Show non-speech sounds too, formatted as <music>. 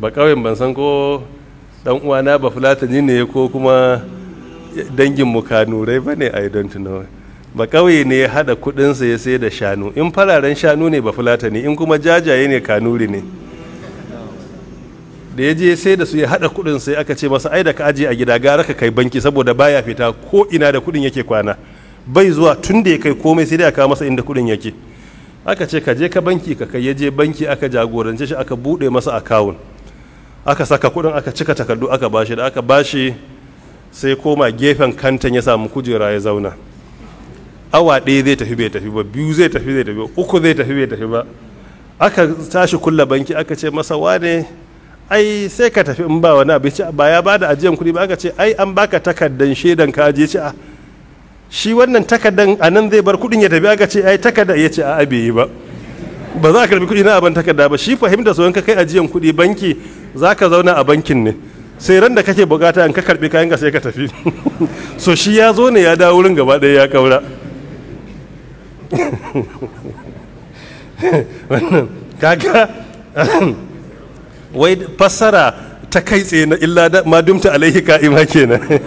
ba ƙauyen ban san ko dan uwana ba fulatani ne ko kuma dangin mu kanurai ba ne i don't know ba ƙauye ne ya haɗa kuɗinsa ya sai da shanu in fararen shanu ne ba fulatani in kuma jajaye ne kanuri ne da ya je sai da su ya haɗa kuɗin sai aka ce masa ai da ka aje a gida gara ka kai banki saboda baya fita ko ina da kuɗin yake kwana bai zuwa tun da ya kai komai sai dai ya kawo masa inda kuɗin yake aka ce ka je ka banki ka kai ya je banki aka jagorance shi aka buɗe masa akawun aka saka kudin aka cika takardu aka bashi da aka bashi sai koma gefen kantan ya samu kujera ya zauna awa ɗaya zai tafi bai tafi ba biyu zai tafi zai tafi uku zai tafi bai tafi ba aka tashi kulla banki aka ce masa wane ai sai ka tafi in ba wani abinci ba ya bada ajiyan kuɗi ba aka ce ai an baka takardan shaidan ka ajiye ci a shi wannan takardan a nan zai bar kuɗin ya tafi aka ce ai takarda ya ce a abe yi ba ba za a karbi kuɗi na abin takarda ba shi fahimta so ka kai ajiyan kuɗi banki za ka zauna a bankin ne sai ran da kake bukata in ka karbi kayan ka sai ka tafi <laughs> so shi ya zo ne ya dawo wurin gaba ɗaya ya kaura <laughs> kaga <laughs> wai fassara ta kai tsaye na illa ma dumta alaihi ka'ima kenan